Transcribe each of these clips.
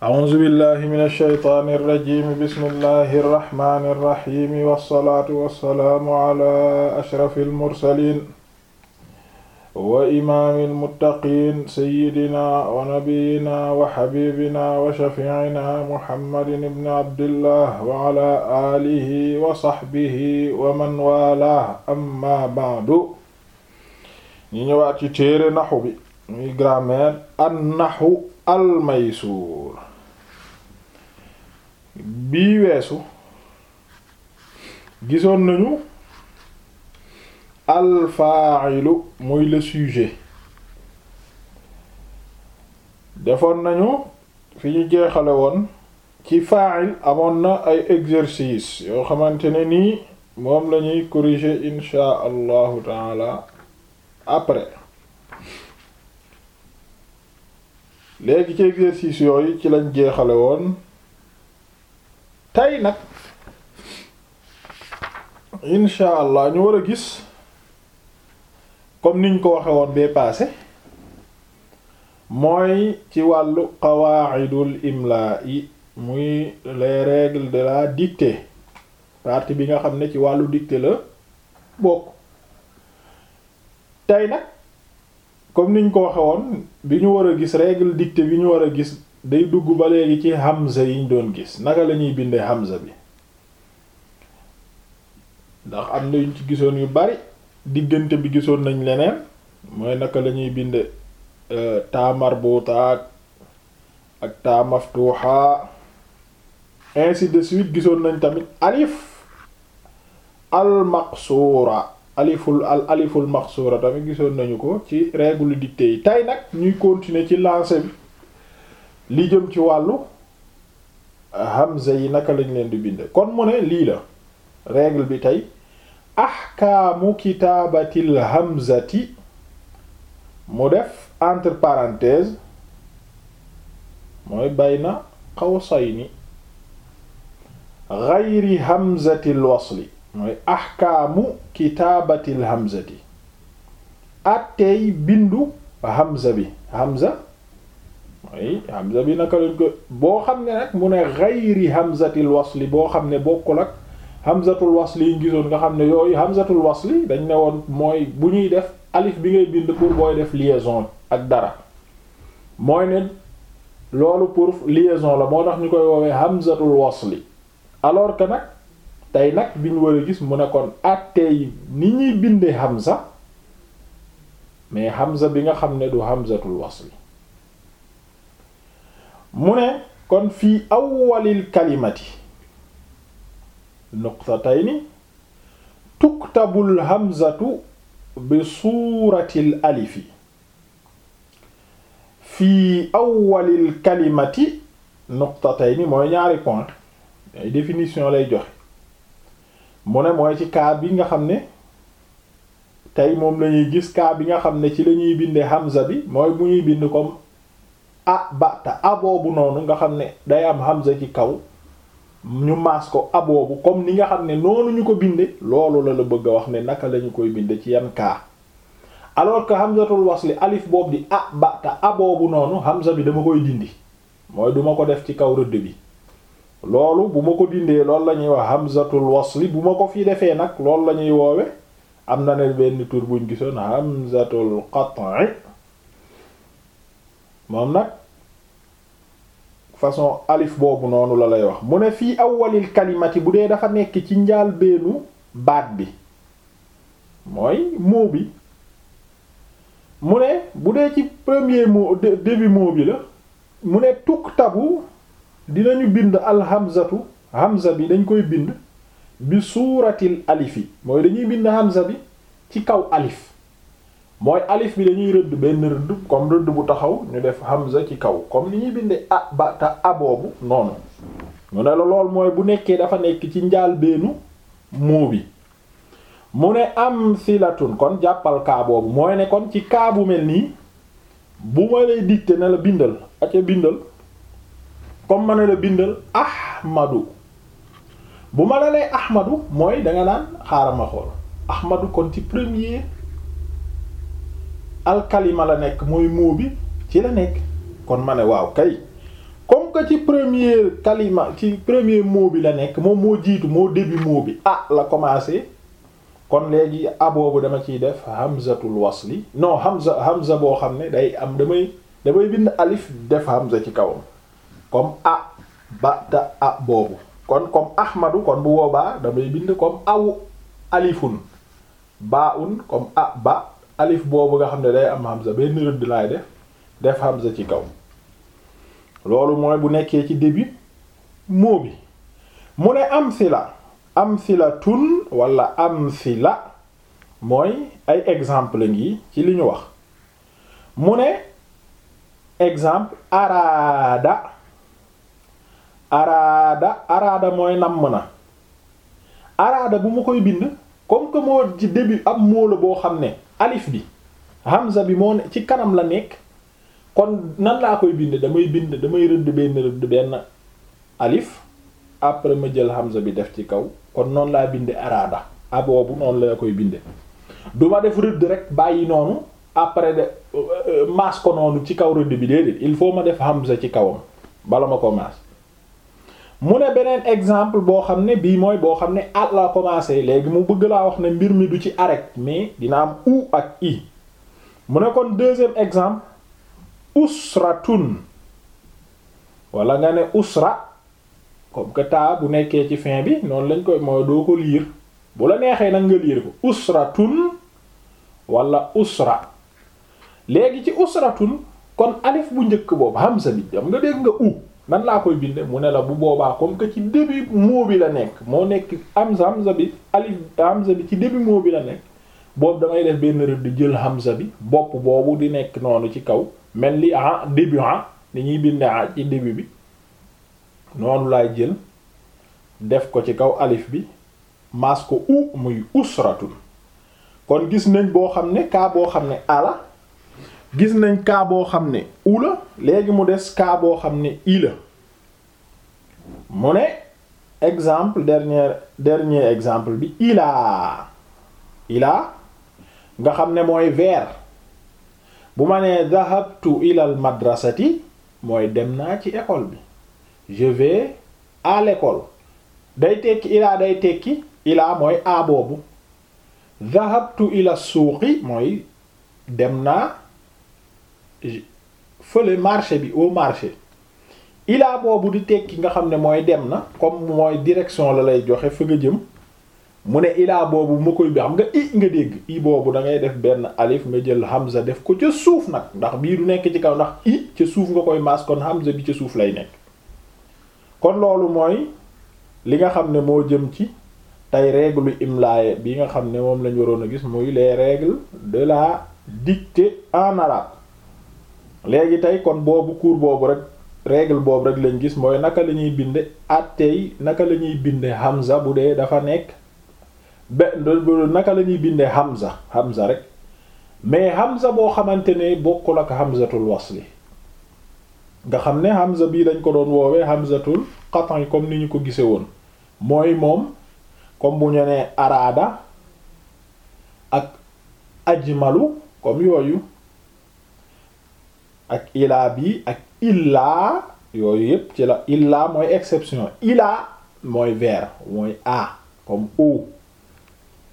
a'uuzu billahi mina shaytaani rajiim bismillahi rahmaani rahiim wassalaatu wassalaamu alaa ashrafil mursaliin wa imaamil muttaqiin sayyidinaa wa nabiyyinaa wa habiibinaa wa shafii'inaa muhammadin ibni abdillah wa alaa aalihi wa sahbihi wa man waalaah amma ba'du ñu ñëwaat ci téere naxu bi muy grammaire an naxu al maysuur bii weesu gisoon nañu al fa'ilu muy le sujet defoon nañu fi ñu jeexale woon ci fa'il amoon na ay exercice yoo xamante ne nii moom la ñuy corriger insha allahu taala après léegi ci exercice yooyu ci lañ jeexale woon tey nag insha allah ñu war a gis comme niñ ko waxe woon bee paase mooy ci wàllu qawaidul imla yi muy les règles de la dictée partie bi nga xam ne ci wàllu dictée la bokk tey nag comme niñ ko waxe woon bi ñu war a gis règle dictée bi ñu war a gis day dugg ba léegi ci hamza yiñ doon gis naka lañuy ñuy bindee hamza bi ndax am na yuñ ci gisoon yu bari diggante bi gisoon nañ leneen mooy naka lañuy ñuy binde euh, taa marbuta ak taa maftuha ainsi de suite gisoon nañ tamit alif al maqsuura aliful aliful maqsuura tamit gisoon nañu ko ci règle dictée yi tey nag ñuy continuer ci lancé bi li jëm ci wàllu hamza yi naka lañ leen di bind kon mu ne lii la règle bi tey ahkaamu kitaabatil hamzati mu def entre parenthèses mooy bayna qawsayni ghayri hamzatil wasli mooy ahkaamu kitaabatil hamzati attey bindu hamza bi hamza mooy hamza bi naka lañ ko boo xam ne nag mu ne xayri hamzatil wasli boo xam ne bokkul ak hamzatul wasli ngi gisoon nga xam ne yooyu hamzatul wasli dañ ne woon mooy bu ñuy def alif bi ngay bind pour booy def liaison ak dara mooy ne loolu pour liaison la moo tax ñu koy woowee hamzatul wasli alors que nag tey nag bi ñu war a gis mu ne kon attey ni ñuy bindee hamza mais hamza bi nga xam ne du hamzatul wasli mu ne kon fii awwalil kalimati nuqtatayni tuktabul hamzatu bi suuratil alifi fii awwalil kalimati nuqtatayni mooy ñaari point ay définition lay joxe mu ne mooy ci cas bi nga xam ne tey moom lañuy gis cas bi nga xam ne ci lañuy binde hamza bi mooy bu ñuy bind comme a bata a boobu noonu nga xam ne day am hamza ci kaw ñu maas ko a boobu comme ni nga xam ne noonu ñu ko binde loolu la la bëgg a wax ne naka lañu koy binde ci yan kaa alors que hamzatul wasli alif boobu di ah bata a boobu noonu hamza bi dama koy dindi mooy duma ko def ci kaw rëdd bi loolu bu ma ko dindee loolu la ñuy wax hamzatul wasli bu ma ko fi defee nag loolu la ñuy woowe am na ne benn tur buñ gisoon hamzatul qat'i moom nag façon alif boobu noonu la lay wax mu ne fii awwalil kalimati bu dee dafa nekk ci njaal beenu baat bi mooy mot bi mu ne bu dee ci premier mot début mot bi la mu ne tukk tuktabu dinañu bind alhamzatu hamza bi dañ koy bind bi suuratil alifi mooy dañuy bind hamza bi ci kaw alif mooy alif bi dañuy rëdd benn rëdd comme rëdd bu taxaw ñu def hamza ci kaw comme ni ñuy bindee a ba te a boobu noonu mu ne la lool mooy bu nekkee dafa nekk ci njaal beenu moo bi mu ne am silatun kon jàppal kaa boobu mooy ne kon ci kaa bu mel nii bu ma lay dicté ne la bindal aca bindal comme ma ne la bindal ahmadu bu ma lay ahmadu mooy danga naan xaaral ma xool ahmadu kon ci premier alkalima la nekk mooy moo bi ci la nekk kon ma ne waaw kay comme que ci premier kalima ci premier mot bi la nekk moom moo jiitu moo début mot bi ah la commencé kon léegi a boobu dama ciy def hamzatul wasli non hamza hamza boo xam ne day am damay damay bind alif def hamza ci kawam comme a ba ta a boobu kon comme ahmadu kon bu boobaa damay bind comme awu alifun baa un comme a ba alif boobu nga xam ne day am hamza benn rëdd laay def def hamza ci kaw loolu mooy bu nekkee ci début moo bi mu ne am am si si la la amsila amsilatun wala la mooy ay exemple ngi ci li ñu wax mu ne exemple araada araada araada mooy nàmm na araada bu ma koy bind comme que moo ci début am moo la boo xam ne alif bi hamza bi moo ne ci kanam la nekk kon nan laa koy bind damay bind damay rëdd benn rëdd benn alif après ma jël hamza bi def ci kaw kon noonu laa binde araada aboobu noonu laa koy binde du ma def rëdd rek bàyyi noonu après de euh, euh, maas ko noonu ci kaw rëdd bi déedéet il faut ma def hamza ci kawam bala ma ko maas mu ne beneen exemple boo xam ne bii mooy boo xam ne at la commencé léegi mu bëgg laa wax ne mbir mi du ci arrêt mais dina am u ak i mu ne kon deuxième exemple usratun wala nga ne usra comme bu nekkee ci fin bi noonu lañ koy mooy doo ko liir bu la neexee nag nga liir ko usratun wala usra léegi ci usratun kon alif bu njëkk boobu hamza bi am nga dégg nga u nan laa koy binde mu ne la bu boobaa comme que ci début moo bi la nekk moo nekk hamza hamza bi alif hamza bi ci début mot bi la nekk boobu damay def benn rëdd jël hamza bi bopp boobu di nekk noonu ci kaw mel ni ah début ah ni ñuy binde ah ci début bi noonu laay jël def ko ci kaw alif bi maas ko u muy usratun kon gis nañ boo xam ne kaa boo xam ne ala gis nañ kaaboo xam ne u léegi mu des kaa boo xam ne ila la mu ne exemple dernier exemple bi ilaa ilaa nga xam ne mooy vers bu ma nee dhahabtu ilal madrasati mooy dem naa ci école bi je vais à l'école day tekki ilaa day tekki ilaa mooy a boobu dhahabtu ila suuqi mooy dem naa fële marché bi au marché ilaa boobu di tekki nga xam ne mooy dem na comme mooy direction la lay joxe fa nga jëm mu ne ilaa boobu ma koy bi xam nga i nga dégg i boobu da ngay def benn alif nga jël hamza def ko ca suuf nag ndax bii du nekk ci kaw ndax i ca suuf nga koy maas kon hamza bi ca suuf lay nekk kon loolu mooy li nga xam ne moo jëm ci tey règle imlaaye bi nga xam ne moom lañ waroon a gis muy les règles de la dictée en arabe léegi tey kon boobu cours boobu rek règle boobu rek lañ gis mooy naka lañuy ñuy binde attey naka la ñuy binde hamza bu dee dafa nekk be naka la ñuy binde hamza hamza rek mais hamza boo xamante ne bokkul ak hamzatul wasli nga xam ne hamza bii lañ ko doon woowee hamzatul qat'i comme ni ñu ko gise woon mooy moom comme bu ñu nee araada ak ajmalu comme yooyu ak ilaa bi ak illaa yooyu yépp ci la illaa mooy exception ilaa mooy ver mooy à comme au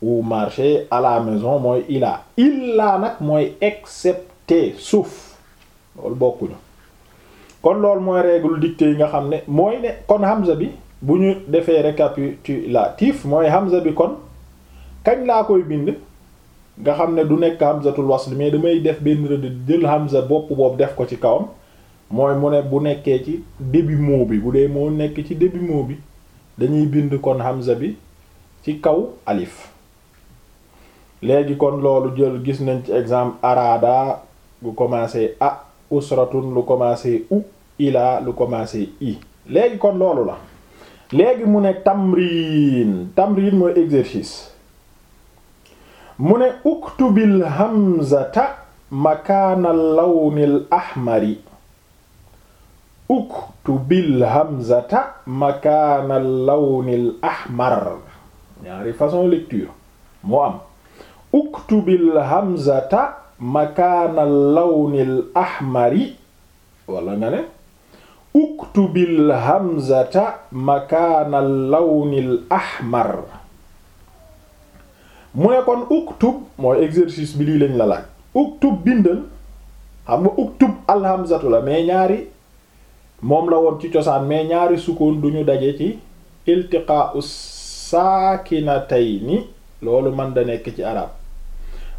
au marché à la maison mooy ilaa illaa nag mooy excepté suuf loolu bokkuñu kon loolu mooy règle dictée yi nga xam ne mooy ne kon hamza bi bu ñu defee récapitulatif mooy hamza bi kon kañ laa koy bind nga xam ne du nekk hamzatul wasl mais damay def benn rëdd jël hamza bopp boobu def ko ci kawam mooy mu ne bu nekkee ci début moo bi bu dee moo nekk ci début mot bi dañuy bind kon hamza bi ci kaw alif léegi kon loolu jël gis nañ ci exemple arada lu commencé a usratun lu commencé u ila lu commencé i léegi kon loolu la léegi mu ne tamrin tamrin mooy exercice mu ne uktubil hamzata makaana lawnil ahmari uktubil hamzata makaana lawnil ahmar ñaari façon lecture moo am uktubil hamzata makaana lawnil ahmari wala mu ne kon uktub mooy exercice bi lii lañ la laaj uktub bindal xam nga uktub alhamzatu la mais ñaari moom la woon ci cosaan mais ñaari sukkoon duñu daje ci tey saakinatayni loolu mën da nekk ci arab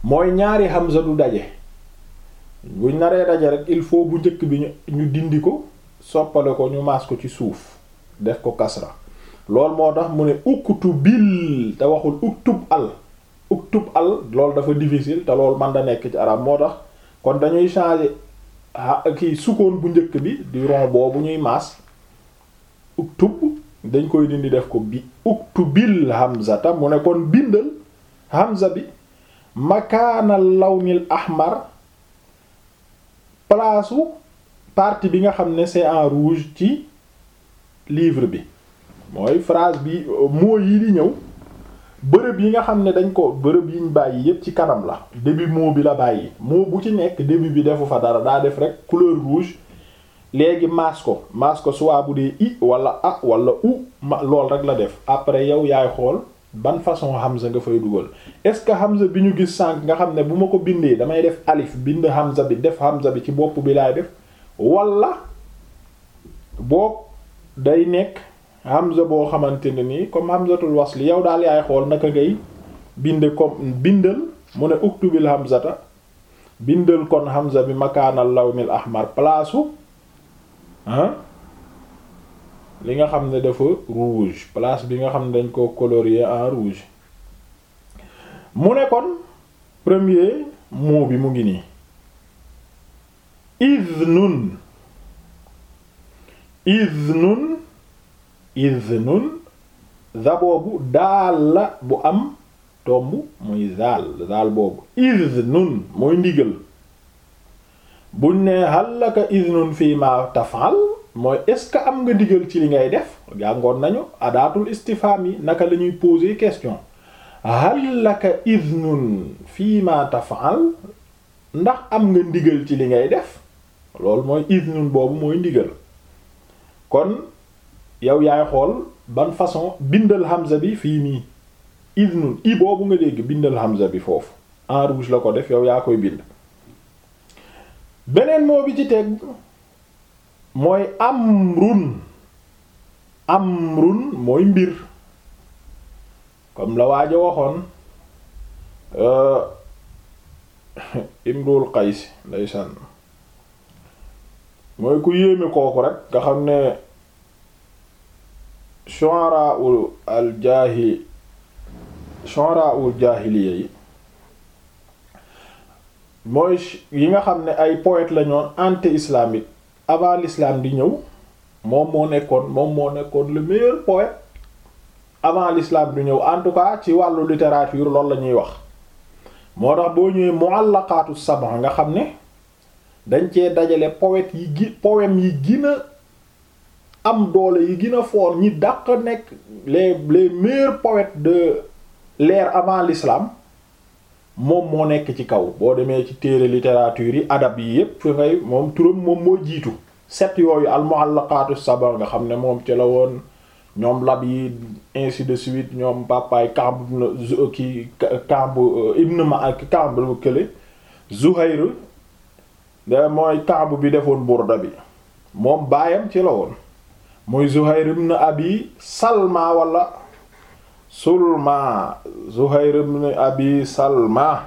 mooy ñaari hamza daje bu naree daje rek il faut bu njëkk bi ñu dindi ko soppale ko ñu maas ko ci suuf def ko kasra loolu moo tax mu ne uktubil te waxul uktub al uktub al loolu dafa difficile te lool man da nekk ci arab moo tax kon dañuy changer kii sukkoon bu njëkk bi di ron boobu ñuy maas uktub dañ koy dindi def ko bi uktubil hamzata mu ne kon bindal hamza bi law lawnil ahmar palaasu partie bi nga xam ne c'est en rouge ci livre bi mooy phrase bi euh, mots yi di ñëw bërëb yi nga xam ne dañ ko bërëb yiñ bàyyi yépp ci kanam la début moo bi la bàyyi moo bu ci nekk début bi defu fa dara daa def rek couleur rouge léegi maas ko maas ko soit bu dee i wala a wala u ma lool rek la def après yow yaay xool ban façon Hamza nga fay dugal est-ce que Hamza bi ñu gis sànq nga xam ne bu ma ko bindee damay def alif bind Hamza bi def Hamza bi ci bopp bi laay def wala boog day nekk hamza boo xamante ne nii comme hamzatul wasli yow daal yaay xool naka ngay binde comme bindal mu ne uktubil hamzata bindal kon hamza bi makaanal lawmil ahmar palaasu ah li nga xam ne dafa rouge place bi nga xam ne dañ ko colorier en rouge mu ne kon premier mot bi mu ngi nii iznun iznun iznun za boobu daal la bu am tomb muy zaal zaal boobu iznun mooy ndigal bu ne hal laka iznun fii ma tafal mooy est-ce que am nga ndigal ci li ngay def jàngoon nañu adaatul istifham yi naka la ñuy poser question hal laka iznun fii ma tafal ndax am nga ndigal ci li ngay def loolu mooy iznun boobu mooy ndigal kon yow yaay xool ban façon bindal hamza bi fii nii idnun i boobu nga dégg bindal hamza bi foofu en rouge la ko def yow yaa koy bind beneen moo bi ci teg mooy amrun amrun mooy mbir comme la waaja waxoon euh, imrul qays ndeysaan mooy ku yéeme kooku rek nga xam ne shu'araa'ul aljaahil shu'araa'ul jaahiliya yi mooy yi nga xam ne ay poète la ñoon anti-islamique avant l'islam di ñëw moom moo nekkoon moom moo nekkoon le meilleur poète avant l'islam di ñëw en ci wàllu littérature loolu la ñuy wax moo tax boo ñëwee mu'allaqaatu sab'a nga xam ne dañ cee dajale poète yi gi poème yi gën am doole yi gina a fort ñi dàq nekk les les meilleurs poètes de l'ère avant l'islam moom moo nekk ci kaw boo demee ci téere littérature yi adab yi yépp fi ngay moom turam moom moo jiitu set yooyu almuhallaqatu saba nga xam ne moom ci la woon ñoom lab yi ainsi de suite ñoom papaay Kamb euh, ki Kamb euh, ibn ma ak euh, Kamb kële Zuhayr da mooy Kamb bi defoon Burda bi moom baayam ci la woon mooy Zuhayr ibn Abi Salma walla Sulma Zuhayr ibn Abi Salma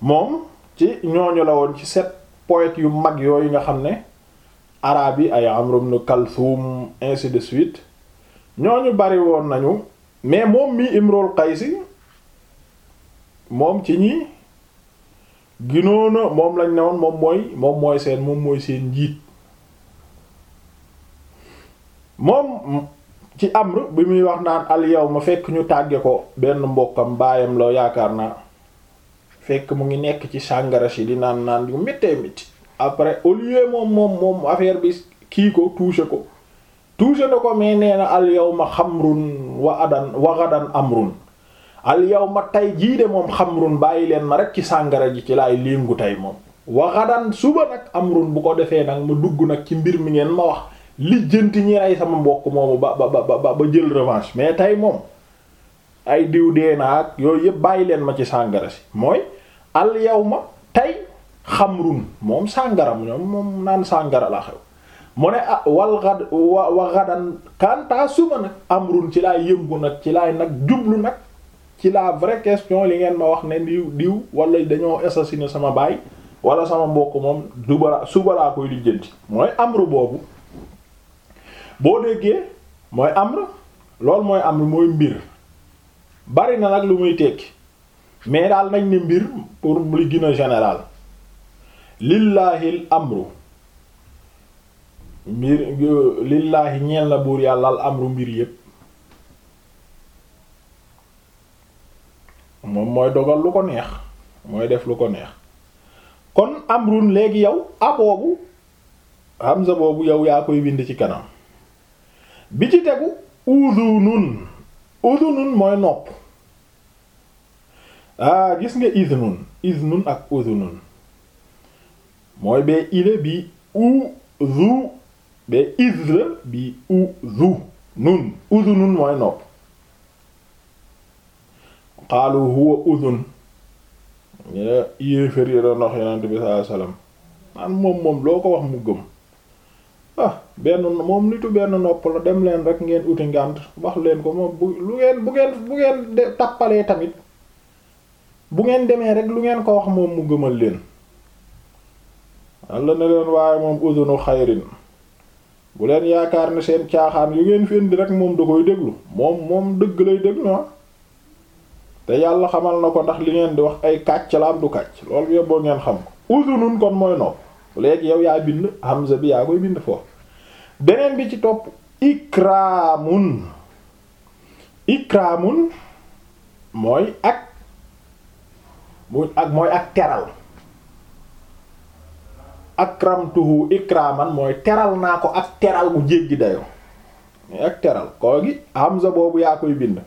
moom ci ñooñu la woon ci sept poètes yu mag yooyu nga xam ne araab yi ay Amr ibn Kalthum ainsi de suite ñooñu bari woon nañu mais moom mi Imrul Qaysi moom ci ñi ginoona moom lañ ne woon moom mooy moom mooy seen moom mooy seen njiit moom ci amr bi muy wax naan al ma fekk ñu tàggee ko benn mbokkam baayam la yaakaar naa fekk mu ngi nekk ci sàngara si di naan naan yu méttee après au lieu moom moom moom affaire bi kii ko touché ko touché na ko mais nee na al yawma xamrun wa adan wa gadan amrun al yawma tey jii de moom xamrun bàyyi leen ma rek ci sàngara ji ci laay lingu tey moom wa gadan suba nag amrun bu ko defee nag mu dugg nag ci mbir mi ngeen ma wax lijjanti ñi ay sama mbokk moomu ba ba ba ba jël revanche mais tey moom ay diw dee naa ak yooyu yëpp bàyyi leen ma ci sàngara si mooy al ma tey xamrun moom sàngara ñoom moom naan sàngara la xew mu ne a ah, wal xad wa wa xadan kanta suba nag amrun ci laa yëngu nag ci laay nag jublu nag ci la vraie question li ngeen ma wax ne diw diw wala dañoo assassiné sama baay wala sama mbokk moom dubara suba laa koy lijjanti mooy amru boobu. boo déggee mooy amr loolu mooy amr mooy mbir bari na nag lu muy tekki mais daal nañ ne mbir pour li gën a général lillaahil amru mbir lillaahi ñeel buur yàlla al amru mbir yëpp moom mooy dogal lu ko neex mooy def lu ko neex kon amrun léegi yow a boobu hamza boobu yow yaa koy wind ci kanam bi ci tegu udunun udunun mooy nopp ah gis nga idnun idnun ak udunun mooy bee ile bi u bee iz la bi u zu nun udunun mooy nopp xaalu huwa udun ñe yéefér yi doon wax yonent bi sallallahu alayhi wasallam naan moom moom loo ko wax mu gëm ah. benn moom nitu benn nopp la dem leen rek ngeen uti ngànt wax leen ko moom bu lu ngeen bu ngeen bu ngeen de tappalee tamit bu ngeen demee rek lu ngeen ko wax moom mu gëmal leen Yàlla ne leen waaye moom udunu xayrin bu leen yaakaar ne seen caaxaan yu ngeen fi indi rek moom da koy déglu moom moom dëgg lay déglu ah te yàlla xamal na ko ndax li ngeen di wax ay kàcc la am du kàcc loolu yëpp boo ngeen xam ko udunun kon mooy nopp léegi yow yaa bind hamza bi yaa koy bind foofu beneen bi ci topp ikraamun ikraamun mooy ak bu ak mooy ak teral akramtuhu ikraaman mooy teral naa ko ak teral bu jéggi dayo mais ak teral koo gi hamza boobu yaa koy bind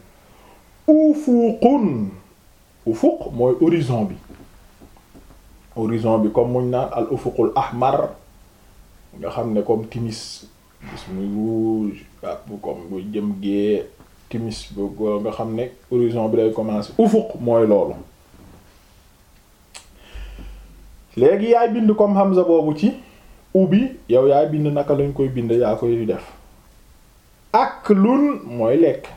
ufuqun ufuq mooy horizon bi horizon bi comme muñ naan al ufuqul ahmar nga xam ne comme timis gis muy rouge ak bu comme bu jëm gée timis bu nga xam ne horizon bi day commencer ufuq mooy loolu léegi yaay bind comme Hamza boobu ci ubi yow yaay bind naka lañ koy bind yaa koy def ak lun mooy lekk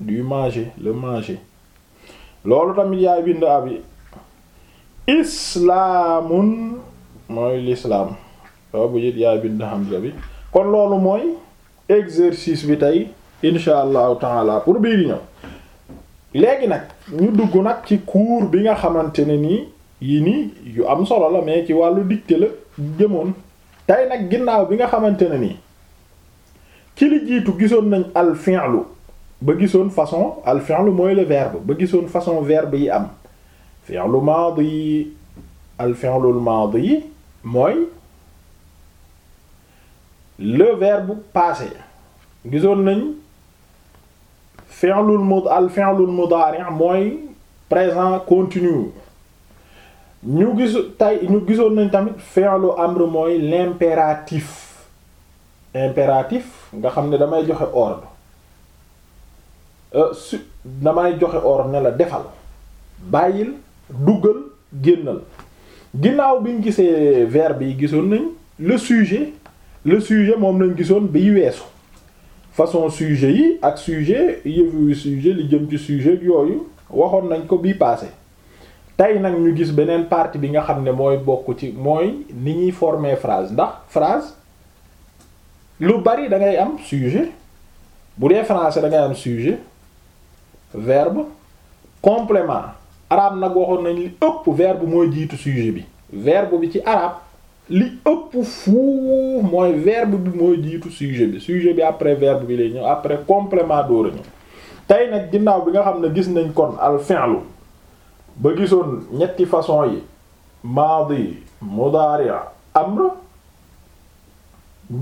du manger le manger loolu tamit yaay bind ab yi islaamun mooy lislaam boobu it yaay bind Hamza bi kon loolu mooy exercice bi tey incha allahu taala pour bii di ñëw léegi nag ñu dugg nag ci cours bi nga xamante ne nii yi nii yu am solo la mais ci wàllu dictée la jëmoon tey nag ginnaaw bi nga xamante ne nii ci li jiitu gisoon nañ al fi'lu ba gisoon façon al fi'lu mooy le ba gisoon façon verbe yi am fi'lu maadi al fi'lu al maadi mooy le verbe passé gisoon nañ fi'lul mud al fi'lul mudari' mooy présent continu ñu gis tey ñu gisoon nañ tamit fi'lu amr mooy l'impératif impératif nga xam ne damay joxe ordre euh, su damay joxe ordre ne la defal bàyyil duggal génnal ginnaaw bi ñu gisee verbe yi gisoon nañ le sujet le sujet moom lañ gisoon bi weesu façon sujet yi ak sujet yëfu sujet li jëm ci sujet yooyu waxoon nañ ko bii passé tey nag ñu gis beneen partie bi nga xam ne mooy bokk ci mooy ni ñuy former phrase ndax phrase lu bari da ngay am sujet bu dee français da ngay am sujet verbe complément arabe nag waxoon nañ li ëpp verbe mooy jiitu sujet bi verbe bi ci arabe li ëpp fuuf mooy verbe bi mooy jiitu sujet bi sujet bi après verbe bi lay après complément door a tey nag ginnaaw bi nga xam ne gis nañ kon al fi'lu ba gisoon ñetti façon yi maadi mudaari amr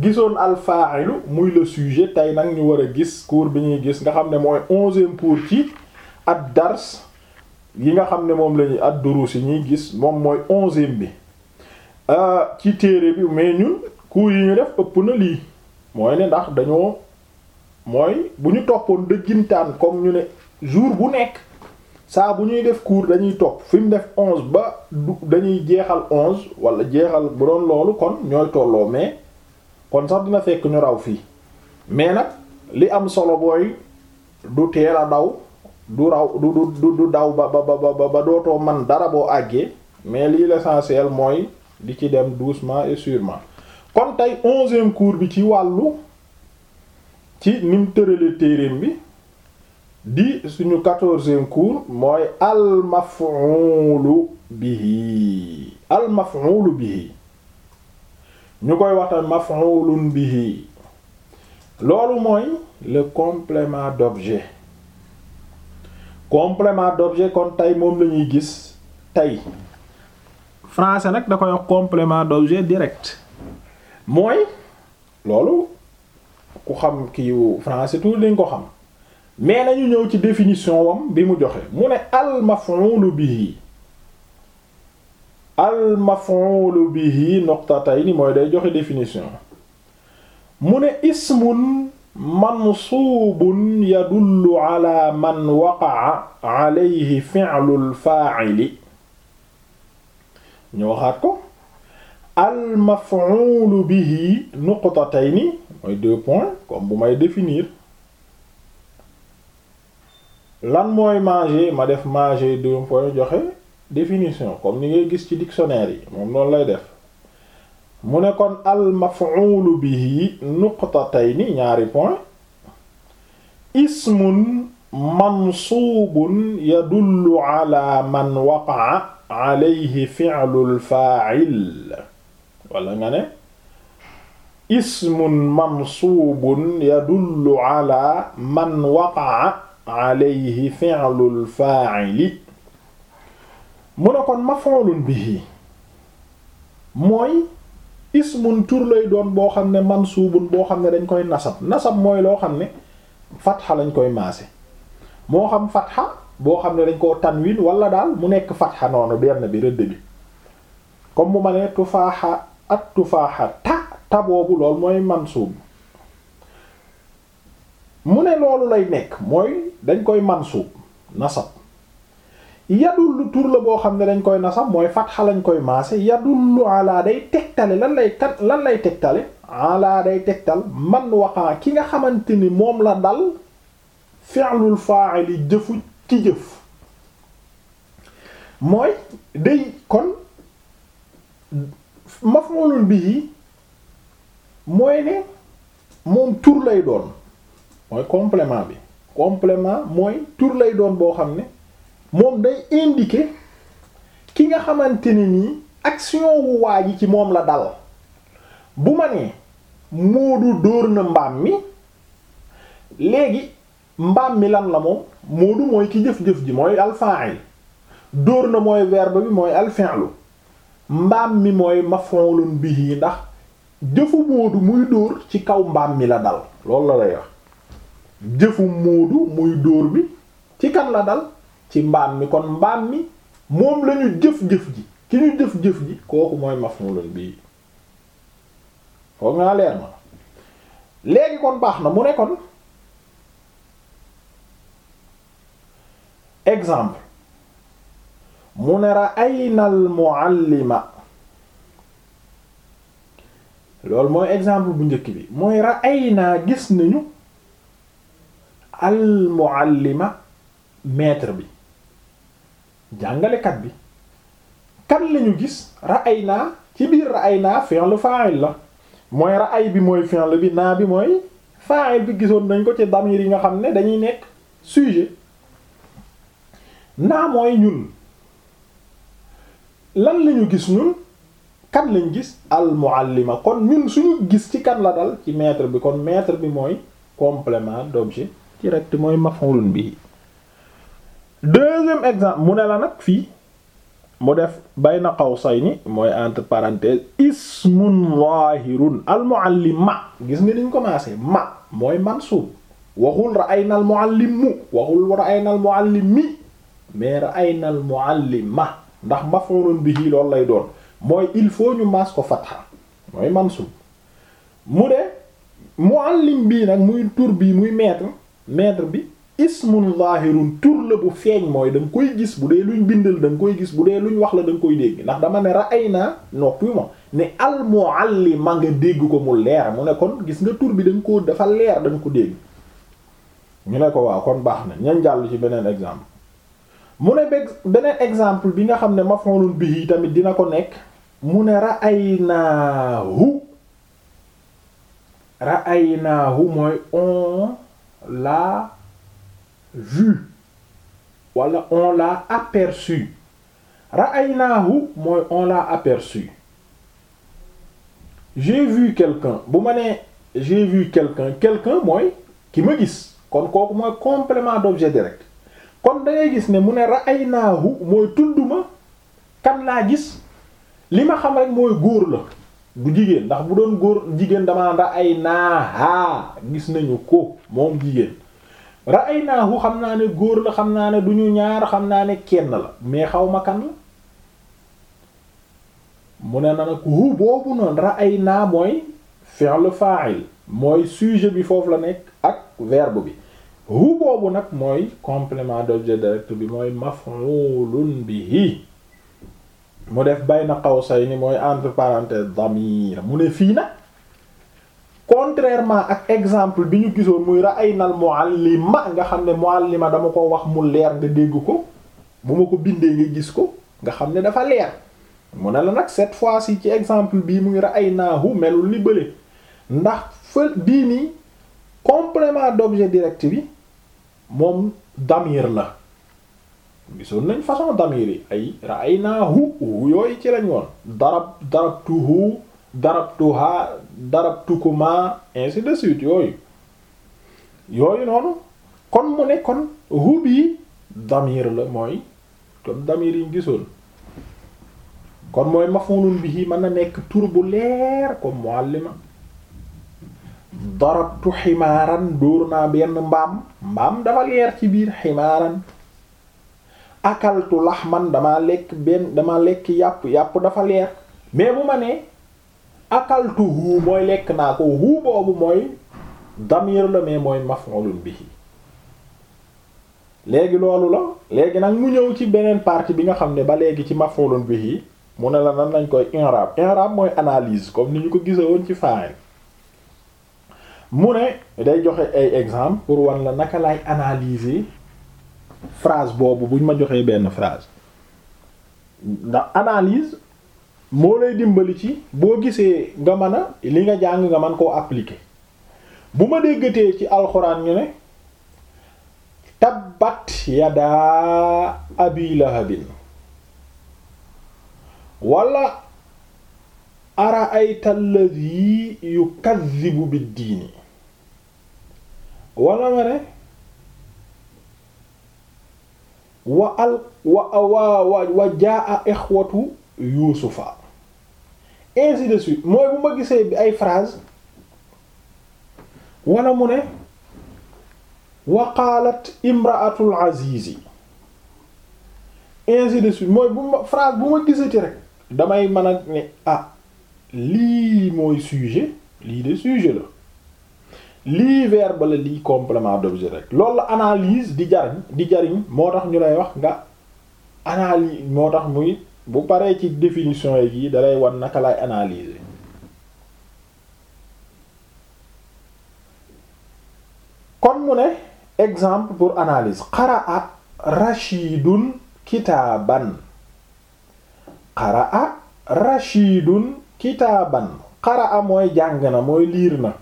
gisoon al fa'ilu muy le sujet tey nag ñu war a gis cours bi ñuy gis nga xam ne mooy onzième cours ci ad dars yi nga xam ne moom la ñuy ad yi ñuy gis moom mooy onzième bi ci téere bi mais ñun ku yi ñu def ëpp na lii mooy ne ndax dañoo mooy bu ñu toppoon dëggintaan comme ñu ne jour bu nekk saa bu ñuy def cours dañuy topp fi mu def onze ba du dañuy jeexal onze wala jeexal bu doon loolu kon ñooy tolloo mais kon sax dina fekk ñu raw fii mais nag li am solo booy du teel a daw du raw du du du daw ba ba ba ba dootoo man dara boo àggee mais lii l'essentiel mooy di ci dem doucement et sûrement kon tey onzième cours bi ci wàllu ci ni mu tërale téereem bi di suñu quatorzième cours mooy al maf'ulu bihi al maf'ulu bihi ñu koy waxtaan maf'ulun bihi loolu mooy le complément d'objet complément d'objet kon tey moom lañuy gis tey français nag da koy wax complément direct mooy loolu ku xam kiiwu français tout dañ ko xam mais nañu ñëw ci définition wam bi mu joxe mu ne al maf'ul bihi al maf'ul bihi nuqtatayni mooy day joxe définition mu ne ismun mansuubun yadullu ala man waqa'a alayhi fi'lul faa'ili ñu waxaat ko al maf'ul bihi nuqtatayni mooy deux points comme bu may définir lan mooy manger ma def manger deux points joxe définition comme ni ngay gis ci dictionnaire yi moom noonu lay def mu ne kon al maf'ul bihi nuqtatayni ñaari point ismun mansuubun yadullu ala man waqaa alayhi fi'lul faa'il wala man waqaa alayhi fi'lul faa'ili mu ne kon maf'ulun bihi mooy ismun tur lay doon boo xam ne mansuubun boo xam ne dañ koy nasab nasab mooy loo xam ne fatxa lañ koy maase moo xam fatxa boo xam ne dañ koo tanwin wala daal mu nekk fatxa noonu benn bi rëdd bi comme mu ma ne tufaaxa at tufaaxa ta ta boobu loolu mooy mansuub mu ne loolu lay nekk mooy dañ koy mansuub nasab yadullu tur la boo xam ne dañ koy nasab mooy fatxa lañ koy maase yadullu ala day tegtale lan lay kan lan lay tegtale ala day tegtal man waqa ki nga xamante ni moom la dal fi'lul fa'ili jëfu ci jëf mooy day kon maf'ulun bihi mooy ne moom tur lay doon mooy complément bi complément mooy tur lay doon boo xam ne moom day indiquer ki nga xamante ni nii action wu waa ji ci moom la dal bu ma nee Moodu dóor na mbaam mi léegi mbaam mi lan la moom moodu mooy ki jëf-jëf ji mooy alfa'il dóor na mooy verbe bi mooy alfi'lu mbaam mi mooy maf'ulun bihi ndax jëfu muy dóor ci kaw mbaam mi la dal loolu la lay wax jëfu moodu muy dóor bi ci kan la dal ci mbaam mi kon mbaam mi moom lañu jëf-jëf ji ki ñu jëf-jëf ji kooku mooy maf'ulun bihi foog naa leer ma léegi kon baax na mu ne kon exemple mu ne ra'ayna al muallima loolu mooy exemple bu njëkk bi mooy ra'ayna gis nañu al muallima maître bi jàngalekat bi kan lañu gis ra'ayna ci biir ay ra'ayna fi'l fa'il la mooy ay bi mooy fi'l bi naa bi mooy fa'il bi gisoon nañ ko ci damir yi nga xam ne dañuy nekk sujet naa mooy ñun lan lañu gis ñun kan lañ gis al muallima kon ñun suñu gis ci kan la dal ci maître bi kon maître bi mooy complement d'objet direct mooy maf'ulun bi deuxième exemple mu ne la nag fii mu def bayna qawsayni mooy entre parenthèses ismun zahirun al muallim ma gis nga niñ commencé ma mooy mansub waxul ra'ayna al muallimu waxul ra'ayna al muallimi mais ra'ayna al muallima ndax bi bihi loolu lay doon mooy il faut ñu maas ko fatha mooy mansub mu de muallim bii nag muy tur bii muy maître maître bi ismun zahirun tur la bu feeñ mooy da koy gis bu dee luñ bindal da nga koy gis bu dee luñ wax la da koy dégg ndax dama ne ra'ayna noppi ma ne al muallima nga dégg ko mu leer mu ne kon gis nga tur bi da ko dafa leer da ko dégg ñu ne ko waaw kon baax na ñan jàll ci beneen exemple mu ne beneen exemple bi nga xam ne maf'ulun bihi tamit dina ko nekk mu ne ra'aynaahu ra'aynaahu mooy on l'a vu wala on l'a aperçu ra'aynaahu mooy on l'a aperçu j'ai vu quelqu'un bu ma nee j'ai vu quelqu'un quelqu'un mooy ki ma gis kon kooku mooy complément d'objet direct kon da gis ne mu ne ra'aynaahu mooy tudd ma kan naa gis li ma xam rek mooy góor la bu jigéen ndax bu doon góor jigéen ay ra'aynaaha gis nañu ko moom jigéen ra'aynaahu xam naa ne góor la xam naa ne du ñu ñaar xam naa ne kenn la mais xaw ma kan la mu ne na nag hu boobu noonu ra'aynaa mooy fi'l fa'il mooy sujet bi foofu la nekk ak verbe bi hu boobu nag mooy complément d'objet direct bi mooy maf'ulun bihi mu def na bayna qawsayni mooy entre parenthèses damir mu ne fii nag contrairement ak exemple bi ñu gisoon muy ay ra'aynal muallima nga xam ne muallima dama ko wax mu leer nga dégg ko bu ma ko bindee nga gis ko nga xam ne dafa leer mu ne la nag cette fois-ci ci exemple bii muy ra'aynahu melul ni bële ndax fël bii nii complément d'objet direct bi moom damir la gisoon nañ façon damir yi ay ra'aynaahu yooyu ci lañ woon darab darabtuhu darabtuha darabtukuma ainsi de suite yooyu yooyu noonu kon mu ne hu bi damir la mooy comme damir yi gisoon kon mooy mafulun bihi mën na nekk tur bu leer comme muallima darabtu ximaaran dóor naa benn mbaam mbaam dafa leer ci biir ximaaran akaltu laxman damaa lekk benn dama lekk yàpp yàpp dafa leer mais bu ma nee akaltu huu mooy lekk naa ko huu boobu mooy damir la mais mooy maf'ulun bihi léegi loolu la léegi nag mu ñëw ci beneen partie bi nga xam ne ba léegi ci maf'ulun bihi mu ne la nan lañ koy i'rab i'rab mooy analyse comme ni ñu ko gisewoon ci fa'il mu ne day joxe ay exemple pour wan la naka laay analyser phrase boobu buñ ma joxee benn phrase ndax analyse moo lay dimbali ci boo gisee nga mën li nga jàng nga man koo appliquer bu ma déggatee ci alxuraan ñu ne tabbat yadaa abi lahabin wala ara ayta alladhi yukazzibu bid diini wala nga ne wa al wa wa wa jaa ixwatu yuusufa ainsi de suite mooy bu ma gisee bi ay phrase wala mu ne wa qaalat imraatul azizi ainsi de suite mooy bu ma phrase bu ma gisati rek damay mën a ne ah lii mooy sujet lii de sujet la lii verbe la lii complément d'objet rek loolu la analyse di jariñ di jariñ moo tax ñu lay wax nga analyse moo tax muy bu paree ci définition yi dalay wan naka lay analyser kon mu ne exemple pour analyse qaraa rashidun kitaaban qaraa rashidun kitaaban qaraa mooy jàng na mooy liir na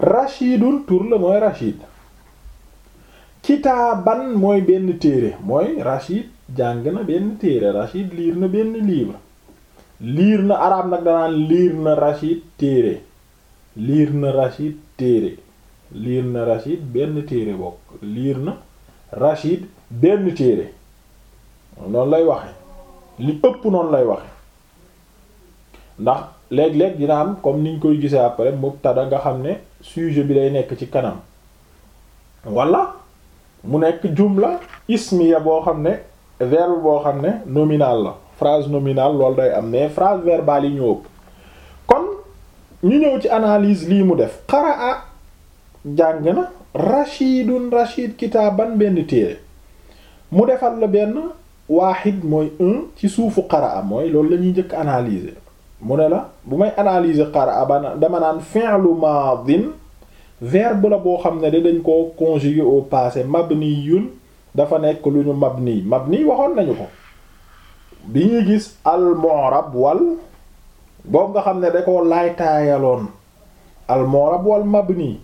rachidun tur la mooy rachid kitaaban mooy benn téere mooy rachid jàng na benn téere rachid liir na benn livre liir na arab nag danaan liir na rachid téere liir na rachid téere liir na rachid benn téere bokk liir na rachid benn téere noonu lay waxe li ëpp noonu lay waxe ndax léeg-léeg dina am comme niñ koy gisee après mubtada nga xam ne sujet bi day nekk ci kanam wala mu nekk jumla ismiya boo xam ne verbe boo xam ne nominal la phrase nominale lool day am mais phrase verbale yi ñu ëpp kon ñu ñëw ci analyse lii mu def qaraa jàng na rashidun rashid kitaaban benn téere mu defal la benn waaxit mooy un ci suufu qaraa mooy loolu lañuy ñuy njëkk analyser mu ne la bu may analyser qara'aba dama naan fi'lu maadin verbe la boo xam ne de dañ ko conjuguer au passé mabniyun dafa nekk lu ñu mab ni waxoon nañu ko bi ñuy gis al mu'rab wal boobu nga xam ne da ko laytaayaloon al mu'rab wal mabni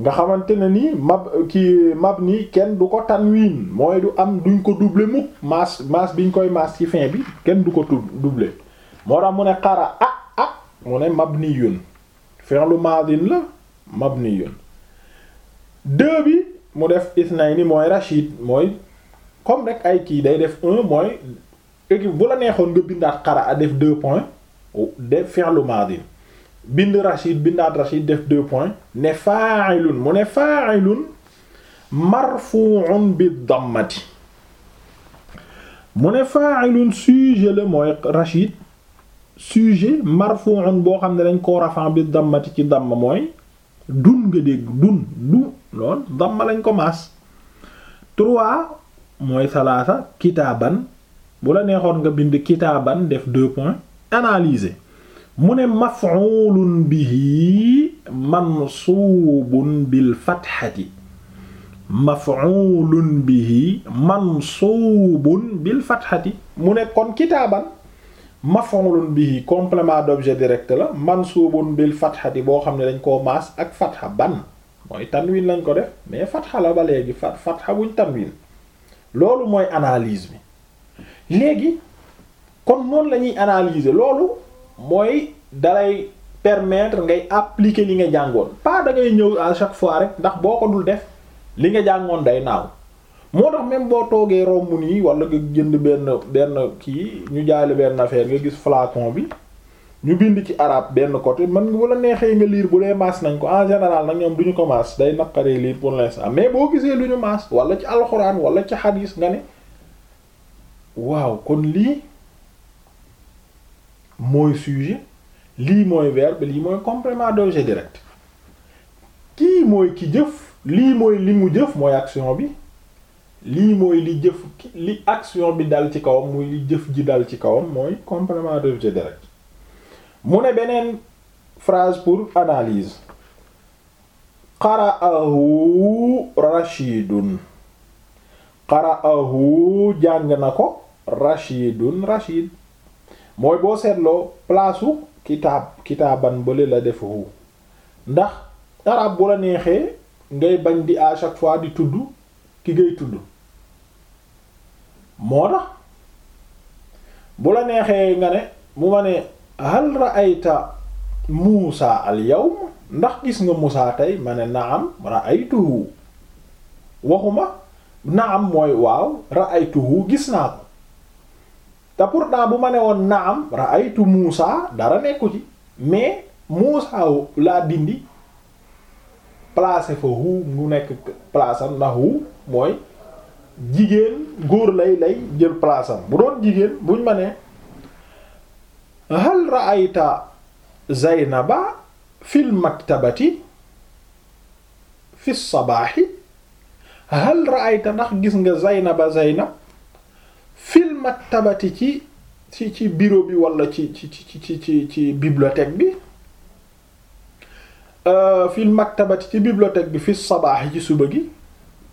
nga xamante ne ni mab ki mabni kenn du ko tanwin mooy du am duñ ko doubler mukk maas maas biñ koy maas ci fin bi kenn du ko doubler moo tax mu ne xara ah ah mu ne mabniyun fi'lu madin la mabniyun deux bi mu def isnayni mooy rashid mooy comme rek ay kii day def un mooy équipe bu la neexoon nga bindaat xara a def deux points def fi'lu madin bind rashid bindaat rashid def deux points ne fa'ilun mu ne fa'ilun marfu'un bi dammati mu ne fa'ilun sujet la mooy rashid sujet marfu'un boo xam ne dañ koo rafan bi dammati ci damma mooy dun nga dégg dun du lool damma lañ ko maas trois mooy salaasa kitaaban bu la neexoon nga bind kitaaban def deux points analyser mu ne maf'ulun bihi mansuubun bil fatxati maf'ulun bihi mansuubun bil fatxati mu ne kon kitaaban maf'ulun bihi complément d'objet direct la man mansuubun bil fathati boo xam ne dañ koo maas ak fatha ban mooy tanwin lañ ko def mais fatha la ba léegi fat fatha buñ tanwin loolu mooy analyse bi léegi kon noonu la ñuy analyser loolu mooy dalay permettre ngay appliquer li nga jàngoon pas da ngay ñëw à chaque fois rek ndax boo ko dul def li nga jàngoon day naaw moo tax même boo toogee romb nii wala nga jënd benn benn kii ñu jaay la benn affaire nga gis flacon bi ñu bind ci arabe benn côté man nga wala neexee nga liir bu dee maas nañ ko en général nag ñoom duñu ñu ko maas day naqaree liir pour l'instant mais boo gisee lu ñu maas wala ci alxuraan wala ci xadiis nga ne waaw kon lii mooy sujet lii mooy verbe lii mooy complément d'objet direct kii mooy ki jëf lii mooy li jëf mooy action bi lii mooy li jëf li action bi dal ci kawam muy jëf ji dal ci kawam mooy complément d'objet direct mu ne beneen phrase pour analyse qara'ahu rashidun qara'ahu jàng na ko rashidun rashid mooy boo seetloo palaasu kitaab kitaaban bële la def hu ndax arab bu la neexee ngay bañ di à chaque fois di tudd ki ngay tudd moo tax bu la neexee nga ne mu ma ne hal ra'ayta Muusa al ndax gis nga Muusa tey ma ne naam ra'aytuhu waxuma naam mooy waaw ra'aytuhu gis naa ko te pourtant bu ma ne woon naam aytu Muusa dara nekku ci mais Muusa laa dindi placer fa hu mu nekk place am ndax mooy jigéen góor lay lay jël place am bu doon jigéen buñ ma nee hal ra'ayta zaynaba fil maktabati fi sabaaxi hal ra'ayta ndax gis nga zaynaba zaynab fil maktabati ci ci ci bureau bi wala ci ci ci ci ci bibliothèque bi Euh, fil maktabati ci bibliothèque bi fi sabaax ci suba gi